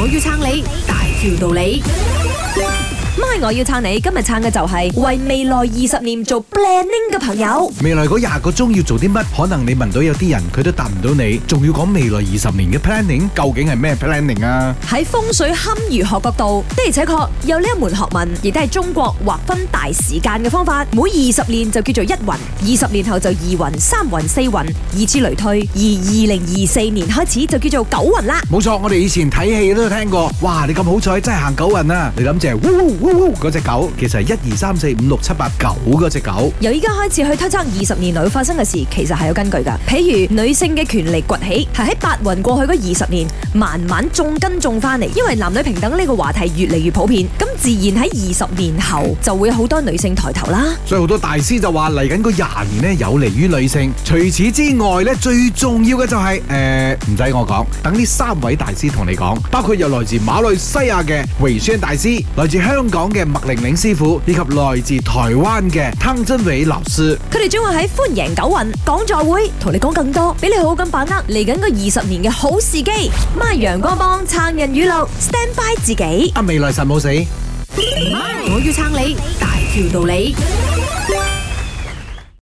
我要撐你，大條道理。MY，我要撐你，今日撐嘅就係為未來二十年做 planning 嘅朋友。未來嗰廿個鐘要做啲乜？可能你問到有啲人佢都答唔到你，仲要講未來二十年嘅 planning 究竟係咩 planning 啊？喺風水堪輿學角度的而且確有呢一門學問，亦都係中國劃分大時間嘅方法。每二十年就叫做一運，二十年後就二運、三運、四運，以此類推。而二零二四年開始就叫做九運啦。冇錯，我哋以前睇戲都聽過。哇，你咁好彩，真係行九運啊！你諗住。嗰隻，哦哦，狗其實係一二三四五六七八九嗰隻狗。由依家開始去推測二十年內發生嘅事，其實係有根據噶。譬如女性嘅權力崛起，係喺白云過去嗰二十年慢慢種根種翻嚟，因為男女平等呢個話題越嚟越普遍，咁自然喺二十年後就會好多女性抬頭啦。所以好多大師就話嚟緊嗰廿年呢，有利於女性。除此之外呢，最重要嘅就係誒唔使我講，等呢三位大師同你講，包括有來自馬來西亞嘅維宣大師，來自香港講嘅麥玲玲師傅以及來自台灣嘅湯真偉老師，佢哋將會喺歡迎九運講座會同你講更多，俾你好好咁把握嚟緊個二十年嘅好時機。乜陽光幫撐人語錄，stand by 自己。啊，未來神冇死媽，我要撐你，大條道理。